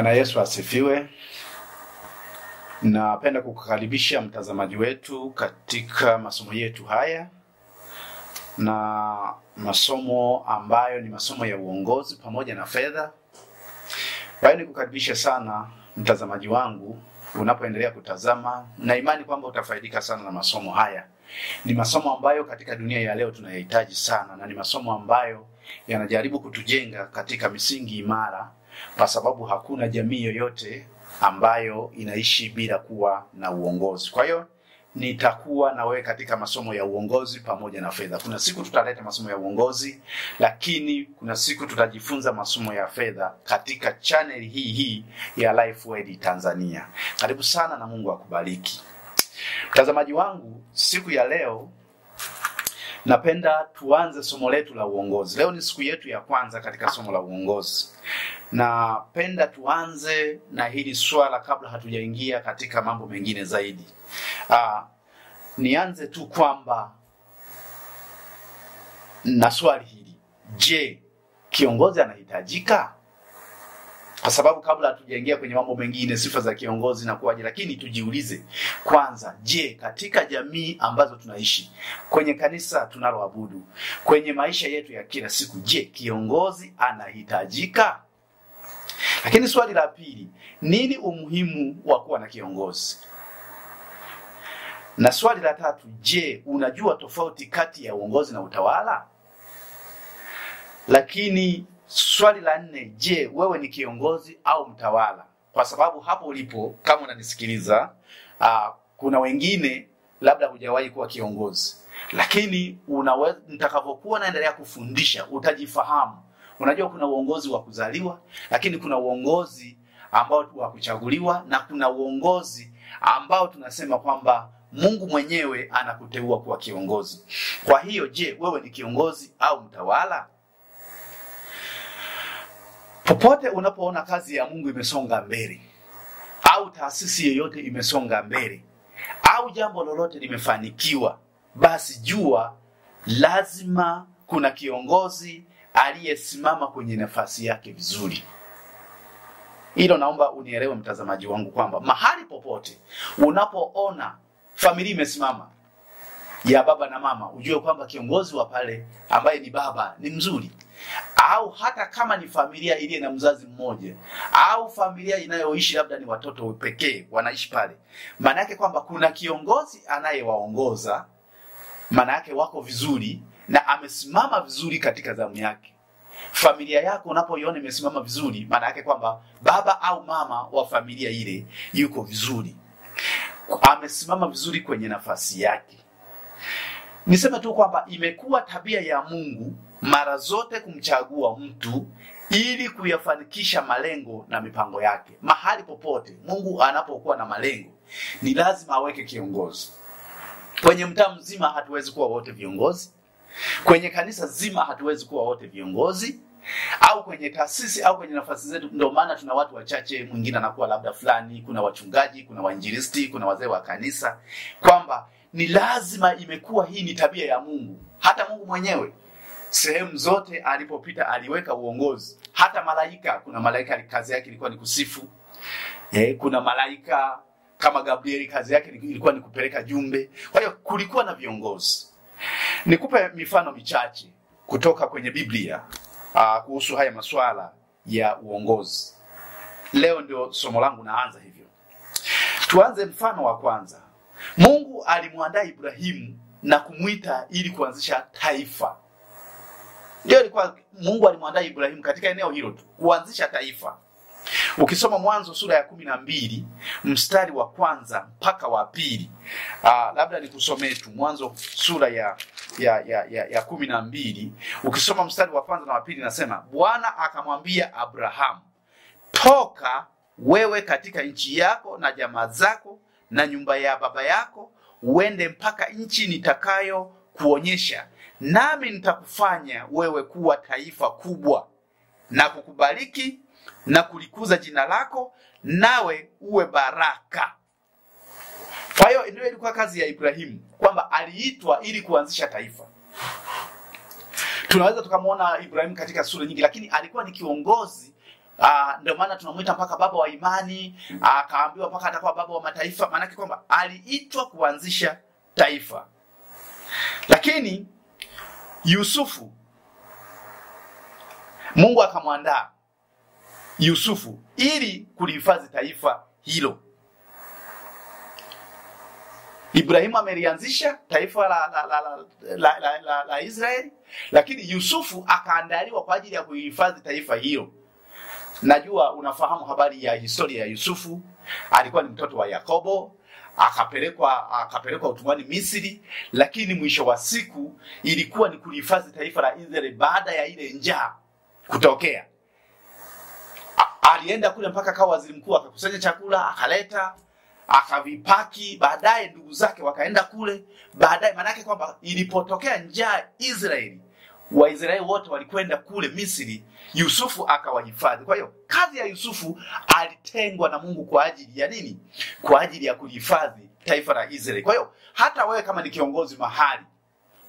Bwana Yesu asifiwe. Napenda kukukaribisha mtazamaji wetu katika masomo yetu haya na masomo ambayo ni masomo ya uongozi pamoja na fedha. Kwa nikukaribisha sana mtazamaji wangu unapoendelea kutazama, na imani kwamba utafaidika sana na masomo haya. Ni masomo ambayo katika dunia ya leo tunayahitaji sana, na ni masomo ambayo yanajaribu kutujenga katika misingi imara kwa sababu hakuna jamii yoyote ambayo inaishi bila kuwa na uongozi. Kwa hiyo nitakuwa na wewe katika masomo ya uongozi pamoja na fedha. Kuna siku tutaleta masomo ya uongozi, lakini kuna siku tutajifunza masomo ya fedha katika chaneli hii hii ya Lifewed Tanzania. Karibu sana na Mungu akubariki, mtazamaji wangu siku ya leo. Napenda tuanze somo letu la uongozi. Leo ni siku yetu ya kwanza katika somo la uongozi. Napenda tuanze na hili swala kabla hatujaingia katika mambo mengine zaidi. Aa, ah, nianze tu kwamba na swali hili, je, kiongozi anahitajika? kwa sababu kabla hatujaingia kwenye mambo mengine, sifa za kiongozi na kuwaje, lakini tujiulize kwanza, je, katika jamii ambazo tunaishi, kwenye kanisa tunaloabudu, kwenye maisha yetu ya kila siku, je, kiongozi anahitajika? Lakini swali la pili, nini umuhimu wa kuwa na kiongozi? Na swali la tatu, je, unajua tofauti kati ya uongozi na utawala? Lakini Swali la nne, je, wewe ni kiongozi au mtawala? Kwa sababu hapo ulipo, kama unanisikiliza, uh, kuna wengine labda hujawahi kuwa kiongozi, lakini unaweza nitakavyokuwa naendelea kufundisha utajifahamu. Unajua, kuna uongozi wa kuzaliwa, lakini kuna uongozi ambao wa kuchaguliwa na kuna uongozi ambao tunasema kwamba Mungu mwenyewe anakuteua kuwa kiongozi. Kwa hiyo, je, wewe ni kiongozi au mtawala? Popote unapoona kazi ya Mungu imesonga mbele au taasisi yoyote imesonga mbele au jambo lolote limefanikiwa, basi jua lazima kuna kiongozi aliyesimama kwenye nafasi yake vizuri. Hilo naomba unielewe mtazamaji wangu kwamba mahali popote unapoona familia imesimama ya baba na mama, ujue kwamba kiongozi wa pale ambaye ni baba ni mzuri au hata kama ni familia iliye na mzazi mmoja au familia inayoishi labda ni watoto pekee wanaishi pale, maana yake kwamba kuna kiongozi anayewaongoza, maana yake wako vizuri na amesimama vizuri katika zamu yake. Familia yako unapoiona imesimama vizuri, maana yake kwamba baba au mama wa familia ile yuko vizuri, amesimama vizuri kwenye nafasi yake. Niseme tu kwamba imekuwa tabia ya Mungu mara zote kumchagua mtu ili kuyafanikisha malengo na mipango yake. Mahali popote Mungu anapokuwa na malengo, ni lazima aweke kiongozi. Kwenye mtaa mzima hatuwezi kuwa wote viongozi, kwenye kanisa zima hatuwezi kuwa wote viongozi, au kwenye taasisi au kwenye nafasi zetu. Ndio maana tuna watu wachache, mwingine anakuwa labda fulani, kuna wachungaji, kuna wainjilisti, kuna wazee wa kanisa, kwamba ni lazima, imekuwa hii ni tabia ya Mungu, hata Mungu mwenyewe sehemu zote alipopita aliweka uongozi. Hata malaika, kuna malaika kazi yake ilikuwa ni kusifu eh, kuna malaika kama Gabrieli kazi yake ilikuwa ni kupeleka jumbe. Kwa hiyo kulikuwa na viongozi. Nikupe mifano michache kutoka kwenye Biblia uh, kuhusu haya masuala ya uongozi. Leo ndio somo langu naanza hivyo. Tuanze mfano wa kwanza. Mungu alimwandaa Ibrahimu na kumwita ili kuanzisha taifa ndio ilikuwa Mungu alimwandaa Ibrahimu katika eneo hilo tu kuanzisha taifa. Ukisoma Mwanzo sura ya kumi na mbili mstari wa kwanza mpaka wa pili aa, ah, labda nikusomee tu Mwanzo sura ya ya ya, ya, ya kumi na mbili ukisoma mstari wa kwanza na wa pili nasema, Bwana akamwambia Abrahamu, toka wewe katika nchi yako na jamaa zako na nyumba ya baba yako, uende mpaka nchi nitakayo kuonyesha nami nitakufanya wewe kuwa taifa kubwa na kukubariki na kulikuza jina lako, nawe uwe baraka. Kwa hiyo ndio ilikuwa kazi ya Ibrahimu, kwamba aliitwa ili kuanzisha taifa. Tunaweza tukamwona Ibrahimu katika sura nyingi, lakini alikuwa ni kiongozi ah, ndio maana tunamwita mpaka baba wa imani. Ah, akaambiwa mpaka atakuwa baba wa mataifa, maanake kwamba aliitwa kuanzisha taifa, lakini Yusufu, Mungu akamwandaa Yusufu ili kulihifadhi taifa hilo. Ibrahimu amelianzisha taifa la, la, la, la, la, la, la Israeli, lakini Yusufu akaandaliwa kwa ajili ya kuhifadhi taifa hilo. Najua unafahamu habari ya historia ya Yusufu. Alikuwa ni mtoto wa Yakobo, akapelekwa akapelekwa utumwani Misri, lakini mwisho wa siku ilikuwa ni kulihifadhi taifa la Israeli baada ya ile njaa kutokea. A, alienda kule mpaka kawa waziri mkuu, akakusanya chakula akaleta, akavipaki. Baadaye ndugu zake wakaenda kule baadaye, maanake kwamba ilipotokea njaa Israeli Waisraeli wote walikwenda kule Misri, Yusufu akawahifadhi. Kwa hiyo kazi ya Yusufu, alitengwa na Mungu kwa ajili ya nini? Kwa ajili ya kuhifadhi taifa la Israeli. Kwa hiyo hata wewe kama ni kiongozi mahali,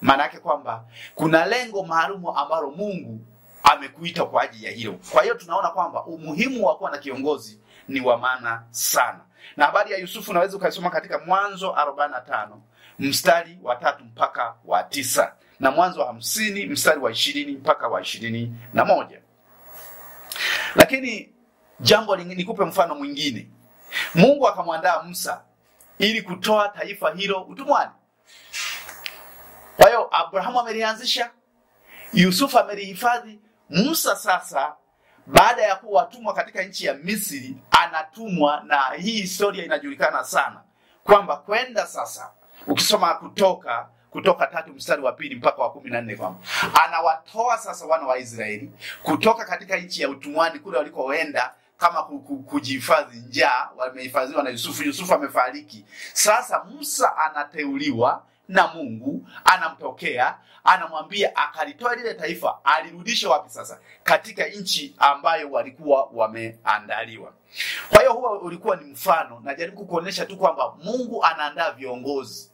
maana yake kwamba kuna lengo maalumu ambalo Mungu amekuita kwa ajili ya hilo. Kwa hiyo tunaona kwamba umuhimu wa kuwa na kiongozi ni wa maana sana, na habari ya Yusufu unaweza ukaisoma katika Mwanzo 45 mstari wa tatu mpaka wa tisa na Mwanzo wa hamsini mstari wa ishirini mpaka wa ishirini na moja. Lakini jambo nikupe mfano mwingine. Mungu akamwandaa Musa ili kutoa taifa hilo utumwani. Kwa hiyo Abrahamu amelianzisha, Yusufu amelihifadhi, Musa sasa baada ya kuwa watumwa katika nchi ya Misri anatumwa, na hii historia inajulikana sana kwamba kwenda sasa, ukisoma kutoka kutoka tatu mstari wa pili mpaka wa kumi na nne kwamba anawatoa sasa wana wa Israeli kutoka katika nchi ya utumwani kule walikoenda kama kujihifadhi njaa, wamehifadhiwa na Yusufu. Yusufu amefariki. Sasa Musa anateuliwa na Mungu, anamtokea anamwambia, akalitoa lile taifa, alirudisha wapi sasa? Katika nchi ambayo walikuwa wameandaliwa. Kwa hiyo huwa ulikuwa ni mfano, najaribu kukuonyesha tu kwamba Mungu anaandaa viongozi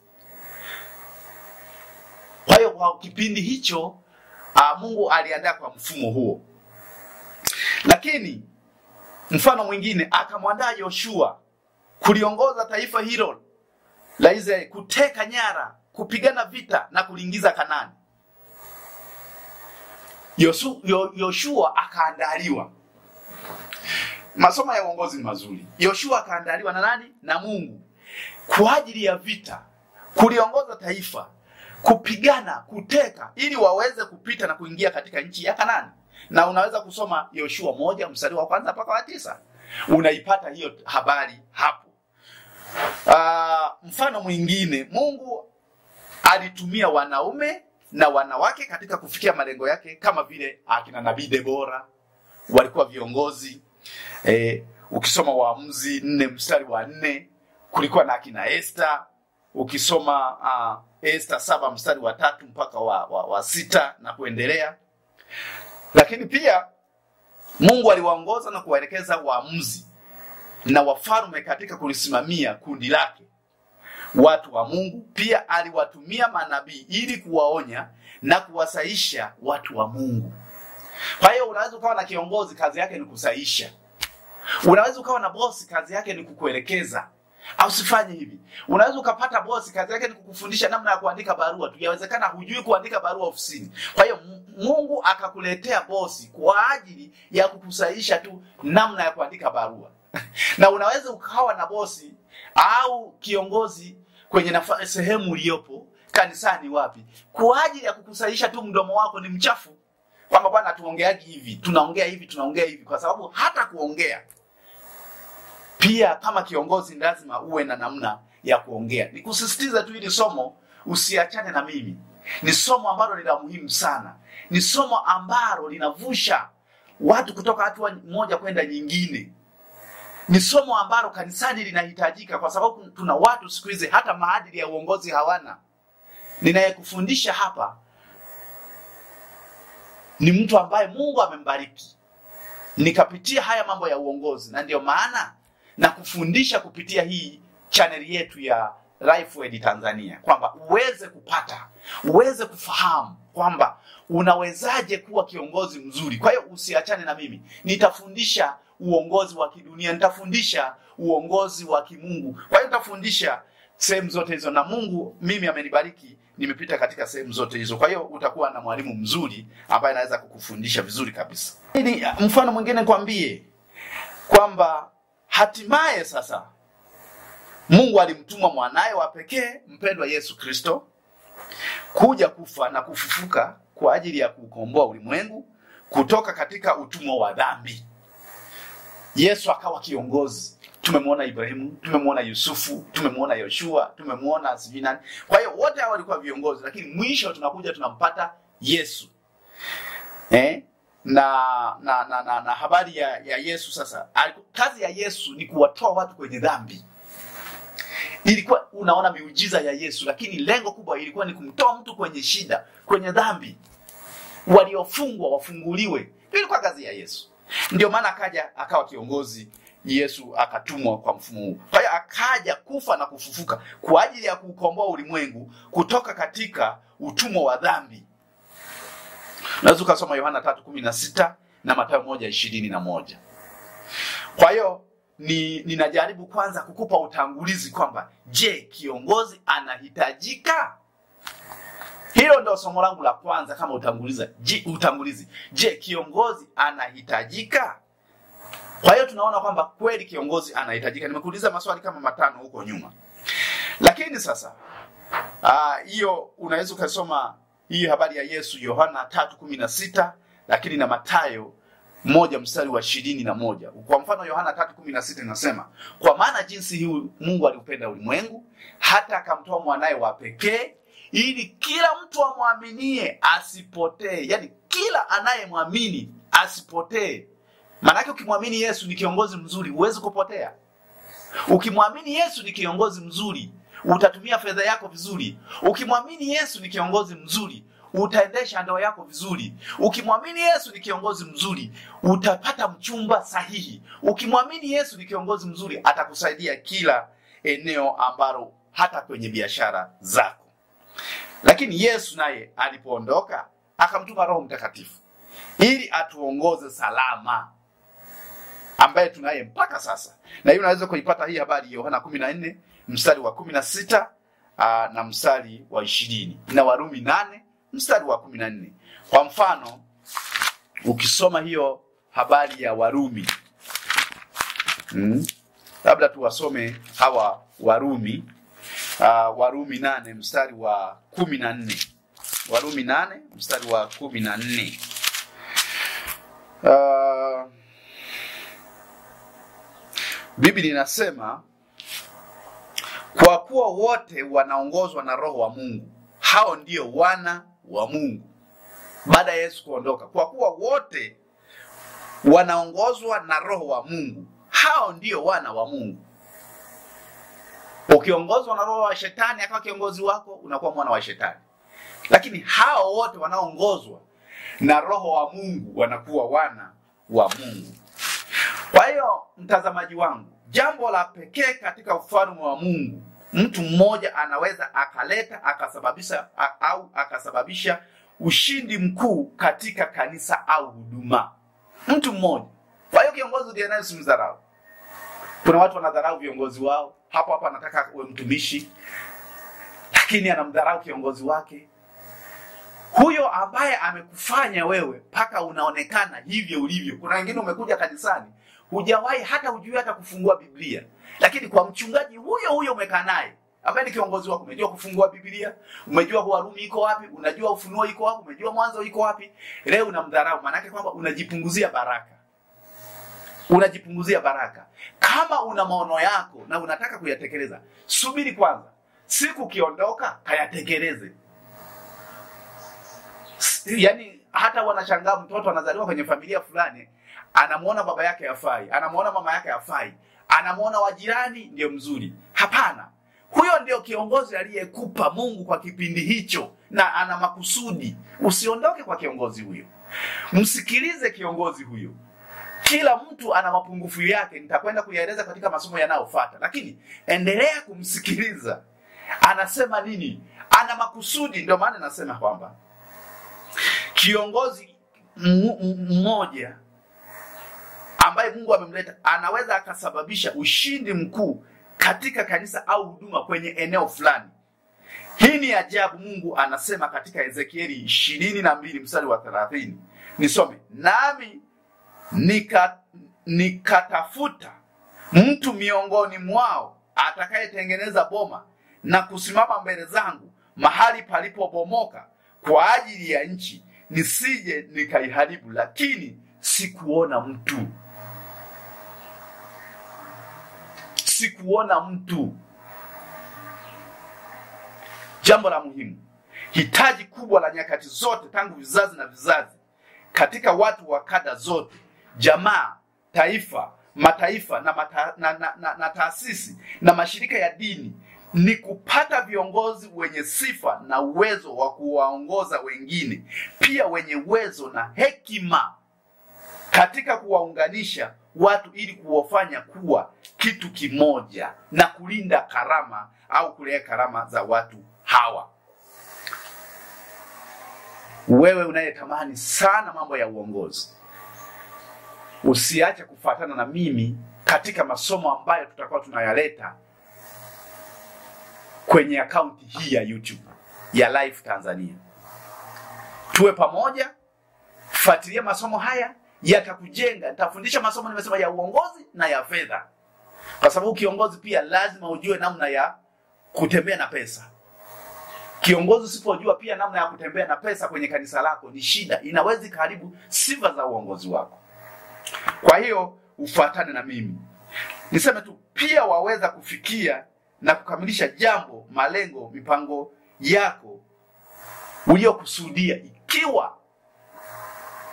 kwa hiyo kwa kipindi hicho uh, Mungu aliandaa kwa mfumo huo, lakini mfano mwingine akamwandaa Yoshua kuliongoza taifa hilo la Israeli kuteka nyara, kupigana vita na kuliingiza Kanani. Yoshua akaandaliwa. Masomo ya uongozi ni mazuri. Yoshua akaandaliwa na nani? Na Mungu kwa ajili ya vita, kuliongoza taifa kupigana kuteka ili waweze kupita na kuingia katika nchi ya Kanani. Na unaweza kusoma Yoshua moja mstari wa kwanza mpaka wa tisa unaipata hiyo habari hapo. Uh, mfano mwingine, Mungu alitumia wanaume na wanawake katika kufikia malengo yake, kama vile akina nabii Debora walikuwa viongozi eh, ukisoma Waamuzi nne mstari wa nne kulikuwa na akina Esther ukisoma uh, Esta saba mstari wa tatu mpaka wa, wa, wa sita na kuendelea. Lakini pia Mungu aliwaongoza na kuwaelekeza waamuzi na wafalme katika kulisimamia kundi lake watu wa Mungu. Pia aliwatumia manabii ili kuwaonya na kuwasaisha watu wa Mungu. Kwa hiyo unaweza ukawa na kiongozi, kazi yake ni kusaisha. Unaweza ukawa na bosi, kazi yake ni kukuelekeza sifanye hivi. Unaweza ukapata bosi kazi yake ni kukufundisha namna ya kuandika barua tu, yawezekana hujui kuandika barua ofisini. Kwa hiyo Mungu akakuletea bosi kwa ajili ya kukusaidisha tu namna ya kuandika barua na unaweza ukawa na bosi au kiongozi kwenye sehemu uliyopo kanisani, wapi, kwa ajili ya kukusaidisha tu mdomo wako ni mchafu, kwamba bwana, tuongeaji hivi, tunaongea hivi, tunaongea hivi, kwa sababu hata kuongea pia kama kiongozi lazima uwe na namna ya kuongea. Nikusisitiza tu hili somo, usiachane na mimi. Ni somo ambalo ni la muhimu sana, ni somo ambalo linavusha watu kutoka hatua moja kwenda nyingine. Ni somo ambalo kanisani linahitajika, kwa sababu tuna watu siku hizi hata maadili ya uongozi hawana. Ninayekufundisha hapa ni mtu ambaye Mungu amembariki, nikapitia haya mambo ya uongozi, na ndiyo maana na kufundisha kupitia hii chaneli yetu ya Lifeway Tanzania kwamba uweze kupata, uweze kufahamu kwamba unawezaje kuwa kiongozi mzuri. Kwa hiyo usiachane na mimi, nitafundisha uongozi wa kidunia, nitafundisha uongozi wa kimungu. Kwa hiyo nitafundisha sehemu zote hizo, na Mungu mimi amenibariki, nimepita katika sehemu zote hizo. Kwa hiyo utakuwa na mwalimu mzuri ambaye anaweza kukufundisha vizuri kabisa. Mfano mwingine nikwambie kwamba Hatimaye sasa Mungu alimtuma mwanaye wa pekee mpendwa Yesu Kristo kuja kufa na kufufuka kwa ajili ya kuukomboa ulimwengu kutoka katika utumwa wa dhambi. Yesu akawa kiongozi. Tumemwona Ibrahimu, tumemwona Yusufu, tumemwona Yoshua, tumemwona sijui nani. Kwa hiyo wote hawa walikuwa viongozi, lakini mwisho tunakuja tunampata Yesu eh? na na, na, na, na habari ya, ya Yesu. Sasa kazi ya Yesu ni kuwatoa watu kwenye dhambi. Ilikuwa unaona miujiza ya Yesu, lakini lengo kubwa ilikuwa ni kumtoa mtu kwenye shida, kwenye dhambi, waliofungwa wafunguliwe. Ilikuwa kazi ya Yesu, ndio maana akaja akawa kiongozi. Yesu akatumwa kwa mfumo huu. Kwa hiyo akaja kufa na kufufuka kwa ajili ya kuukomboa ulimwengu kutoka katika utumwa wa dhambi Unaweza ukasoma Yohana 3:16 na Mathayo 1:21. Kwa hiyo ni ninajaribu kwanza kukupa utangulizi kwamba je, kiongozi anahitajika? Hilo ndio somo langu la kwanza kama utanguliza je, utangulizi. Je, kiongozi anahitajika? Kwa hiyo tunaona kwamba kweli kiongozi anahitajika. Nimekuuliza maswali kama matano huko nyuma, lakini sasa ah, hiyo unaweza ukasoma hii habari ya Yesu Yohana 3:16 lakini na Mathayo moja mstari wa ishirini na moja. Kwa mfano Yohana 3:16 inasema, kwa maana jinsi hii Mungu aliupenda ulimwengu hata akamtoa mwanaye wa pekee ili kila mtu amwaminie asipotee, yaani kila anayemwamini asipotee. yake ukimwamini Yesu ni kiongozi mzuri, huwezi kupotea. Ukimwamini Yesu ni kiongozi mzuri, utatumia fedha yako vizuri. Ukimwamini Yesu ni kiongozi mzuri, utaendesha ndoa yako vizuri. Ukimwamini Yesu ni kiongozi mzuri, utapata mchumba sahihi. Ukimwamini Yesu ni kiongozi mzuri, atakusaidia kila eneo ambalo, hata kwenye biashara zako. Lakini Yesu naye alipoondoka akamtuma Roho Mtakatifu ili atuongoze salama, ambaye tunaye mpaka sasa, na hiyo unaweza kuipata hii habari Yohana kumi mstari wa kumi na sita ah, na mstari wa ishirini na Warumi nane mstari wa kumi na nne. Kwa mfano ukisoma hiyo habari ya Warumi mm, labda tuwasome hawa Warumi aa, ah, Warumi nane mstari wa kumi na nne Warumi nane mstari wa kumi na nne. Uh, Biblia inasema kwa kuwa wote wanaongozwa na Roho wa Mungu, hao ndio wana wa Mungu. Baada ya Yesu kuondoka, kwa kuwa wote wanaongozwa na Roho wa Mungu, hao ndio wana wa Mungu. Ukiongozwa na roho wa shetani akawa kiongozi wako, unakuwa mwana wa shetani. Lakini hao wote wanaongozwa na roho wa Mungu wanakuwa wana wa Mungu. Kwa hiyo, mtazamaji wangu, jambo la pekee katika ufalme wa Mungu mtu mmoja anaweza akaleta akasababisha au akasababisha ushindi mkuu katika kanisa au huduma, mtu mmoja. Kwa hiyo kiongozi ndiye naye usimdharau. Kuna watu wanadharau viongozi wao, hapo hapo anataka uwe mtumishi, lakini anamdharau kiongozi wake, huyo ambaye amekufanya wewe mpaka unaonekana hivyo ulivyo. Kuna wengine umekuja kanisani, hujawahi hata hujui hata kufungua Biblia lakini kwa mchungaji huyo huyo umekaa naye ambaye ni kiongozi wako, umejua kufungua Biblia, umejua Warumi iko wapi, unajua Ufunuo iko wapi, umejua Mwanzo iko wapi, leo unamdharau. Maana yake kwamba unajipunguzia baraka, unajipunguzia baraka. Kama una maono yako na unataka kuyatekeleza, subiri kwanza, siku ukiondoka kayatekeleze. Yaani hata wanashangaa, mtoto anazaliwa kwenye familia fulani, anamuona baba yake hafai, anamuona mama yake hafai, anamwona wajirani ndio mzuri. Hapana, huyo ndio kiongozi aliyekupa Mungu kwa kipindi hicho, na ana makusudi. Usiondoke kwa kiongozi huyo, msikilize kiongozi huyo. Kila mtu ana mapungufu yake, nitakwenda kuyaeleza katika masomo yanayofuata, lakini endelea kumsikiliza anasema nini, ana makusudi. Ndio maana nasema kwamba kiongozi mmoja ambaye Mungu amemleta anaweza akasababisha ushindi mkuu katika kanisa au huduma kwenye eneo fulani. Hii ni ajabu. Mungu anasema katika Ezekieli ishirini na mbili mstari wa thelathini, nisome nami nika, nikatafuta mtu miongoni mwao atakayetengeneza boma na kusimama mbele zangu mahali palipobomoka kwa ajili ya nchi, nisije nikaiharibu, lakini sikuona mtu. sikuona mtu. Jambo la muhimu, hitaji kubwa la nyakati zote tangu vizazi na vizazi, katika watu wa kada zote, jamaa, taifa, mataifa na, mata, na, na, na, na taasisi na mashirika ya dini ni kupata viongozi wenye sifa na uwezo wa kuwaongoza wengine, pia wenye uwezo na hekima katika kuwaunganisha watu ili kuwafanya kuwa kitu kimoja na kulinda karama au kulea karama za watu hawa. Wewe unayetamani sana mambo ya uongozi, usiache kufuatana na mimi katika masomo ambayo tutakuwa tunayaleta kwenye akaunti hii ya YouTube ya Life Tanzania. Tuwe pamoja, fuatilia masomo haya yatakujenga. Nitafundisha masomo nimesema ya uongozi na ya fedha. Kwa sababu kiongozi pia lazima ujue namna ya kutembea na pesa. Kiongozi usipojua pia namna ya kutembea na pesa kwenye kanisa lako ni shida, inawezi karibu sifa za uongozi wako. Kwa hiyo ufuatane na mimi, niseme tu pia waweza kufikia na kukamilisha jambo, malengo, mipango yako uliyokusudia ikiwa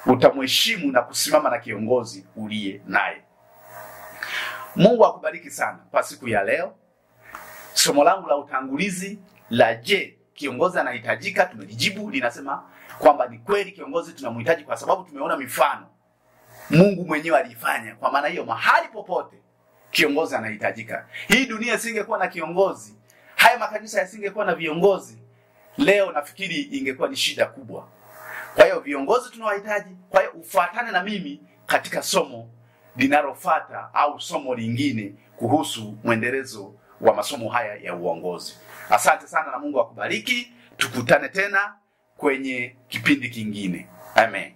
utamheshimu na kusimama na kiongozi uliye naye. Mungu akubariki sana kwa siku ya leo. Somo langu la utangulizi la je, kiongozi anahitajika, tumelijibu linasema kwamba ni kweli kiongozi tunamhitaji, kwa sababu tumeona mifano Mungu mwenyewe alifanya Kwa maana hiyo, mahali popote kiongozi anahitajika. Hii dunia isingekuwa na kiongozi, haya makanisa yasingekuwa na viongozi, leo nafikiri ingekuwa ni shida kubwa. Kwa hiyo viongozi tunawahitaji. Kwa hiyo ufuatane na mimi katika somo linalofata au somo lingine kuhusu mwendelezo wa masomo haya ya uongozi. Asante sana na Mungu akubariki. Tukutane tena kwenye kipindi kingine. Amen.